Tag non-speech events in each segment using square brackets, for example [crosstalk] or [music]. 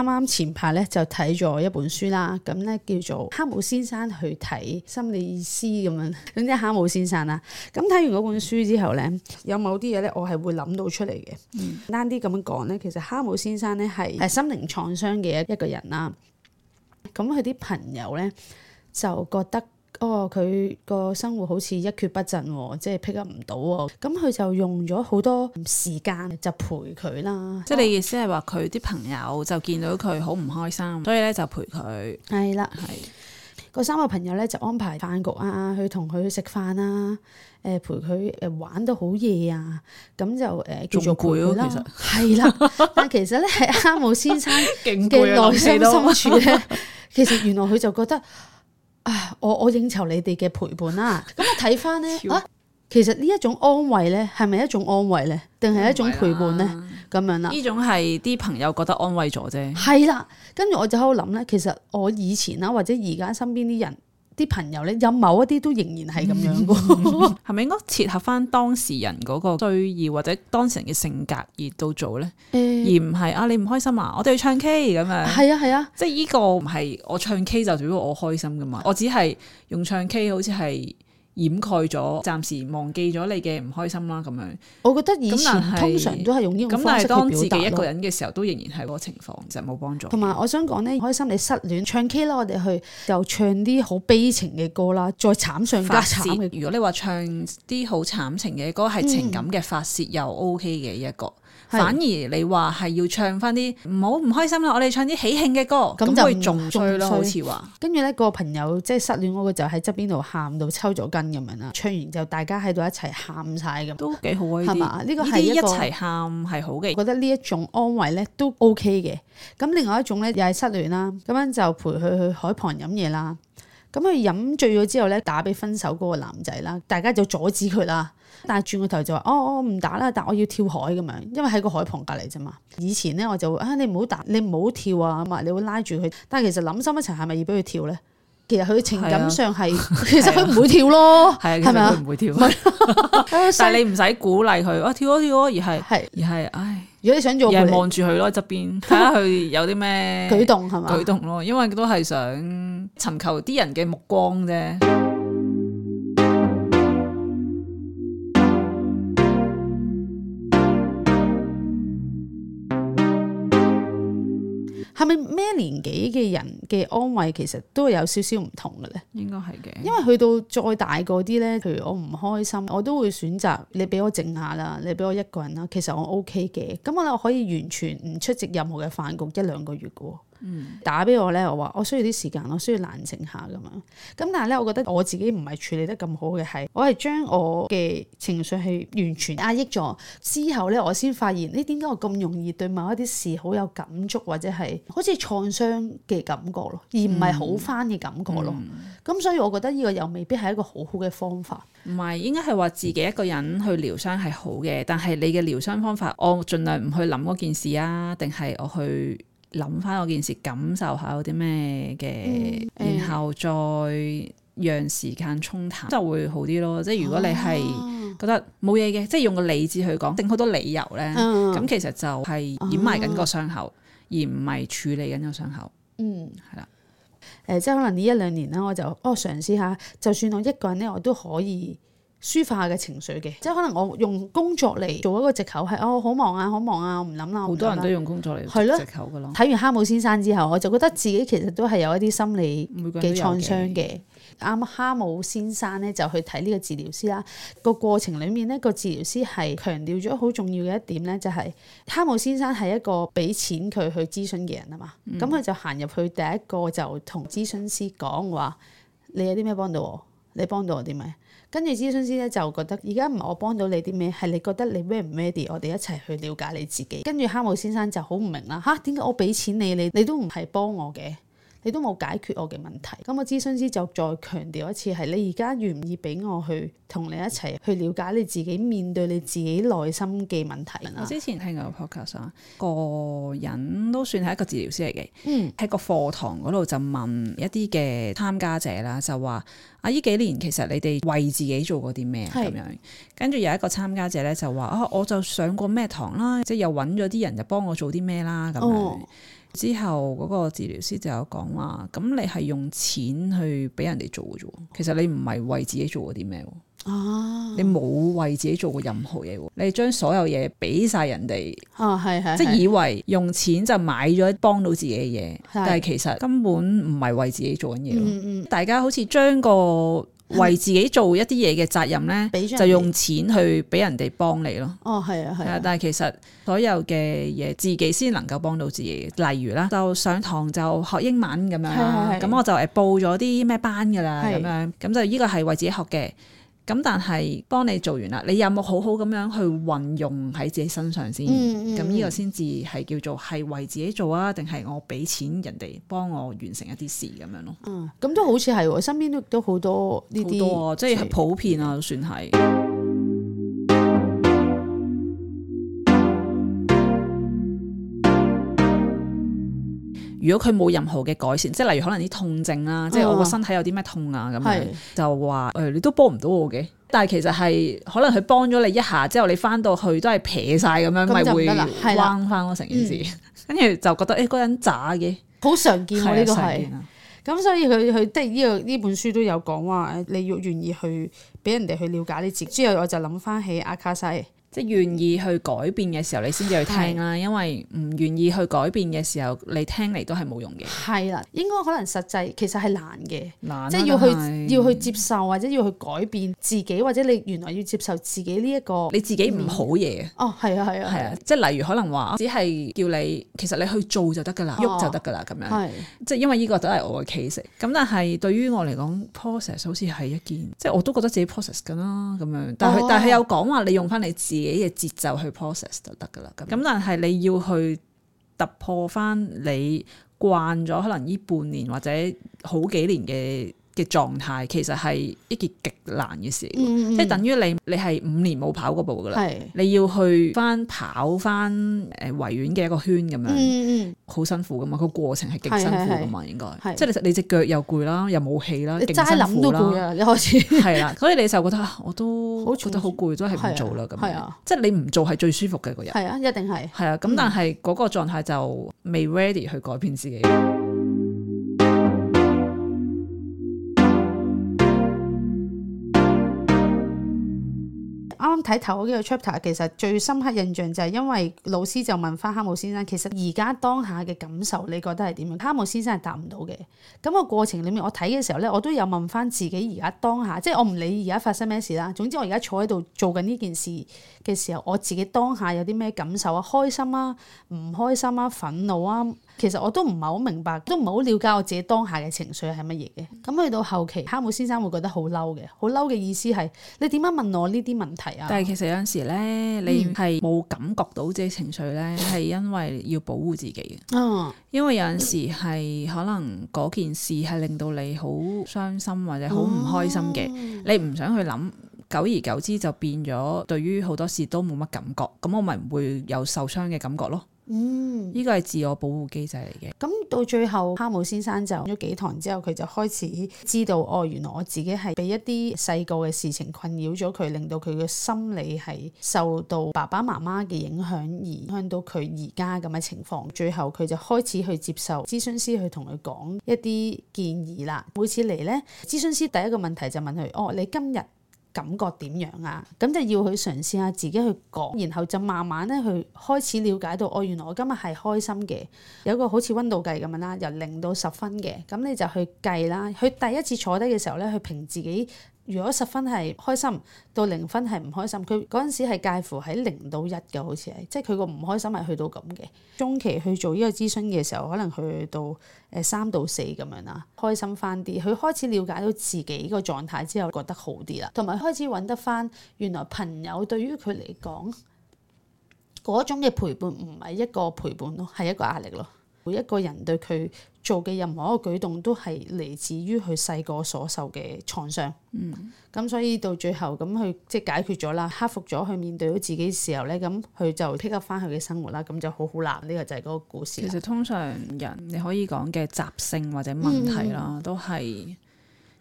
啱啱前排咧就睇咗一本書啦，咁咧叫做《蛤蟆先生去睇心理師》咁樣，咁即係蛤蟆先生啦。咁睇完嗰本書之後咧，有某啲嘢咧，我係會諗到出嚟嘅。簡、嗯、單啲咁樣講咧，其實蛤蟆先生咧係係心靈創傷嘅一一個人啦。咁佢啲朋友咧就覺得。哦，佢個生活好似一蹶不振，即係 pick up 唔到，咁佢就用咗好多時間就陪佢啦。即係你意思係話佢啲朋友就見到佢好唔開心，所以咧就陪佢。係啦了，係是。嗰三個朋友咧就安排飯局啊，去同佢去食飯啊，誒，陪佢誒,玩到好夜啊，咁就誒叫做攰啦。係啦了， [laughs] 但其實咧係蛤蟆先生嘅內心深處咧，其實原來佢就覺得。啊！我我應酬你哋嘅陪伴啦，咁我睇翻咧啊，其實呢一種安慰咧，係咪一種安慰咧，定係一種陪伴咧？咁樣啦，呢種係啲朋友覺得安慰咗啫。係啦，跟住我就喺度諗咧，其實我以前啦，或者而家身邊啲人。啲朋友咧，有某一啲都仍然係咁樣喎，係咪？ [laughs] [laughs] 應該切合翻當事人嗰個需要或者當事人嘅性格而到做咧？欸、而唔係啊，你唔開心啊，我哋去唱 K 咁樣。係啊係啊，即係呢個唔係我唱 K 就主要我開心噶嘛，我只係用唱 K 好似係。掩蓋咗，暫時忘記咗你嘅唔開心啦，咁樣。我覺得以前是通常都係用呢個方式去表達。咁但係當自己一個人嘅時候，都仍然係嗰個情況，就冇幫助。同埋我想講呢，開心你失戀唱 K 啦，我哋去又唱啲好悲情嘅歌啦，再慘上加慘發泄。如果你話唱啲好慘情嘅歌，係、嗯、情感嘅發泄又 OK 嘅一個。嗯、反而你話係要唱翻啲唔好唔開心啦，我哋唱啲喜慶嘅歌，咁會仲衰咯，壞好似話。跟住咧、嗰個朋友即係失戀嗰個就喺側邊度喊到抽咗筋。咁樣啦，唱完就大家喺度一齊喊晒咁，都幾好啊，係嘛吧？呢這些 個係一齊喊係好嘅，我覺得呢一種安慰咧都 OK 嘅。咁另外一種咧又係失戀啦，咁樣就陪佢去海旁飲嘢啦。咁佢飲醉咗之後咧打俾分手嗰個男仔啦，大家就阻止佢啦。但係轉個頭就話：哦，我唔打啦，但我要跳海咁樣。因為喺個海旁隔籬啫嘛。以前咧我就：啊，你唔好打，你唔好跳啊嘛！你會拉住佢。但係其實諗深一層，係咪要俾佢跳咧？其實佢情感上係，啊、其實佢唔會跳咯，係佢唔會跳、啊。但係你唔使鼓勵佢，哇跳咯跳咯，而係的而係，唉、哎，如果你想做，人望住佢咯，側邊睇下佢有啲咩舉動係嘛，舉動咯，因為都係想尋求啲人嘅目光啫。係咪咩年紀嘅人嘅安慰其實都會有少少唔同嘅咧？應該係嘅，因為去到再大個啲咧，譬如我唔開心，我都會選擇你俾我靜下啦，你俾我一個人啦。其實我 OK 嘅，咁我可以完全唔出席任何嘅飯局一兩個月喎。嗯，打俾我咧，我話我需要啲時間，我需要冷靜下噶嘛。咁但係咧，我覺得我自己唔係處理得咁好嘅，係我係將我嘅情緒係完全壓抑咗之後咧，我先發現，你點解我咁容易對某一啲事好有感觸，或者係好似創傷嘅感覺咯，而唔係好翻嘅感覺咯。咁、嗯嗯、所以我覺得呢個又未必係一個好好嘅方法。唔係，應該係話自己一個人去療傷係好嘅，但係你嘅療傷方法，我盡量唔去諗嗰件事啊，定係我去。諗翻嗰件事，感受下有啲咩嘅，嗯呃、然後再讓時間沖淡，就會好啲咯。即係如果你係覺得冇嘢嘅，啊、即係用個理智去講，定好多理由咧，咁、嗯嗯、其實就係掩埋緊個傷口，啊、而唔係處理緊個傷口。嗯，係啦的。誒、呃，即係可能呢一兩年咧，我就哦嘗試下，就算我一個人咧，我都可以。抒發嘅情緒嘅，即係可能我用工作嚟做一個藉口，係，哦，好忙啊，好忙啊，我唔諗啦。好多人都用工作嚟係咯藉口噶咯。睇完蛤蟆先生之後，我就覺得自己其實都係有一啲心理嘅創傷嘅。啱蛤蟆先生咧就去睇呢個治療師啦。個過程裡面咧，個治療師係強調咗好重要嘅一點咧，就係、是、蛤蟆先生係一個俾錢佢去諮詢嘅人啊嘛。咁佢、嗯、就行入去第一個就同諮詢師講話：你有啲咩幫到我？你幫到我啲咩？跟住諮詢師咧就覺得，而家唔係我幫到你啲咩，係你覺得你 ready 唔 ready？我哋一齊去了解你自己。跟住蛤蟆先生就好唔明啦，嚇？點解我俾錢你，你你都唔係幫我嘅？你都冇解決我嘅問題，咁我諮詢師就再強調一次，係你而家願唔願意俾我去同你一齊去了解你自己，面對你自己內心嘅問題。我之前聽過 podcast 啊，個人都算係一個治療師嚟嘅，喺、嗯、個課堂嗰度就問一啲嘅參加者啦，就話啊，呢幾年其實你哋為自己做過啲咩咁樣？跟住是有一個參加者咧就話啊，我就上過咩堂啦，即係又揾咗啲人就幫我做啲咩啦咁樣。哦。之後嗰個治療師就有講話，咁你係用錢去俾人哋做嘅啫，其實你唔係為自己做過啲咩。哦，你冇為自己做過任何嘢，你將所有嘢俾晒人哋。啊，係係，即係以為用錢就買咗幫到自己嘅嘢，但係其實根本唔係為自己做緊嘢咯，即、嗯嗯、大家好似將個。為自己做一啲嘢嘅責任咧，就用錢去俾人哋幫你咯。哦，係啊，係啊。但係其實所有嘅嘢，自己先能夠幫到自己。例如啦，就上堂就學英文咁樣啦，咁我就誒報咗啲咩班㗎啦，咁樣，咁就依個係為自己學嘅。咁但係幫你做完啦，你有冇好好咁樣去運用喺自己身上先？咁呢、嗯嗯、個先至係叫做係為自己做啊，定係我俾錢人哋幫我完成一啲事咁樣咯？嗯，咁都好似係，我身邊都都好多呢啲，好多啊，即係普遍啊都的算係。如果佢冇任何嘅改善，即係例如可能啲痛症啦，即係我個身體有啲咩痛啊咁樣，就話誒你都幫唔到我嘅。但係其實係可能佢幫咗你一下之後，你翻到去都係撇晒咁樣，咪會彎翻咯成件事。跟住就覺得誒嗰人渣嘅，好常見呢個係。咁所以佢佢即係呢個呢本書都有講話，你要願意去俾人哋去了解你自己。之後我就諗翻起阿卡西。願意去改變嘅時候，你先至去聽啦。的因為唔願意去改變嘅時候，你聽嚟都係冇用嘅。係啦，應該可能實際其實係難嘅，難的即係要去是要去接受或者要去改變自己，或者你原來要接受自己呢一個你自己唔好嘢。哦，係啊，係啊的，係啊，即係例如可能話，只係叫你其實你去做就得㗎啦，喐、哦、就得㗎啦，咁樣。係的，即係因為呢個都係我嘅 case。咁但係對於我嚟講，process 好似係一件，即係我都覺得自己 process 緊啦。咁樣，但係但係佢有講話你用翻你自，自，自己。哦自己嘅嘅節奏去 process 就得㗎啦，咁咁但係你要去突破返你慣咗可能呢半年或者好幾年嘅嘅狀態其實係一件極難嘅事，即係等於你你係五年冇跑過步噶啦，你要去翻跑翻誒維園嘅一個圈咁樣，好辛苦噶嘛，個過程係極辛苦噶嘛，應該，即係你你隻腳又攰啦，又冇氣啦，勁辛苦啦，一開始係啦，所以你就覺得我都覺得好攰，都係唔做啦咁樣，即係你唔做係最舒服嘅個人，係啊，一定係，係啊，咁但係嗰個狀態就未 ready 去改變自己。睇頭嗰幾個 chapter 其實最深刻印象就係因為老師就問翻蛤蟆先生，其實而家當下嘅感受，你覺得係點樣？蛤蟆先生係答唔到嘅。咁個過程裡面，我睇嘅時候咧，我都有問翻自己而家當下，即係我唔理而家發生咩事啦。總之我而家坐喺度做緊呢件事嘅時候，我自己當下有啲咩感受啊？開心啊？唔開心啊？憤怒啊？其實我都唔係好明白，都唔係好了解我自己當下嘅情緒係乜嘢嘅。咁去到後期，蛤蟆先生會覺得好嬲嘅，好嬲嘅意思係你點樣問我呢啲問題啊？但係其實有陣時咧，你係冇感覺到自己情緒咧，係因為要保護自己嘅。哦、嗯，因為有陣時係可能嗰件事係令到你好傷心或者好唔開心嘅，哦、你唔想去諗，久而久之就變咗對於好多事都冇乜感覺。咁我咪唔會有受傷嘅感覺咯。嗯，依個係自我保護機制嚟嘅。咁到最後，蛤蟆先生就講咗幾堂之後，佢就開始知道，哦，原來我自己係俾一啲細個嘅事情困擾咗佢，令到佢嘅心理係受到爸爸媽媽嘅影響，而影響到佢而家咁嘅情況。最後佢就開始去接受諮詢師去同佢講一啲建議啦。每次嚟呢，諮詢師第一個問題就問佢，哦，你今日感覺點樣啊？咁就要去嘗試下自己去講，然後就慢慢咧去開始了解到，哦，原來我今日係開心嘅。有個好似温度計咁樣啦，由零到十分嘅，咁你就去計啦。佢第一次坐低嘅時候咧，佢評自己。如果十分係開心，到零分係唔開心，佢嗰陣時係介乎喺零到一嘅，好似係，即係佢個唔開心係去到咁嘅。中期去做呢個諮詢嘅時候，可能去到誒、呃、三到四咁樣啦，開心翻啲。佢開始了解到自己個狀態之後，覺得好啲啦，同埋開始揾得翻。原來朋友對於佢嚟講，嗰種嘅陪伴唔係一個陪伴咯，係一個壓力咯。每一個人對佢做嘅任何一個舉動都係嚟自於佢細個所受嘅創傷。嗯，咁所以到最後咁佢即係解決咗啦，克服咗去面對到自己嘅時候咧，咁佢就 pick up 翻佢嘅生活啦，咁就好好啦。呢、這個就係嗰個故事。其實通常人你可以講嘅習性或者問題啦，都係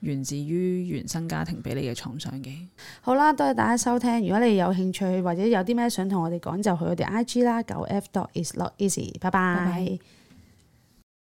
源自於原生家庭俾你嘅創傷嘅。嗯、好啦，多謝大家收聽。如果你有興趣或者有啲咩想同我哋講，就去我哋 I G 啦，九 F dot is not easy。拜拜。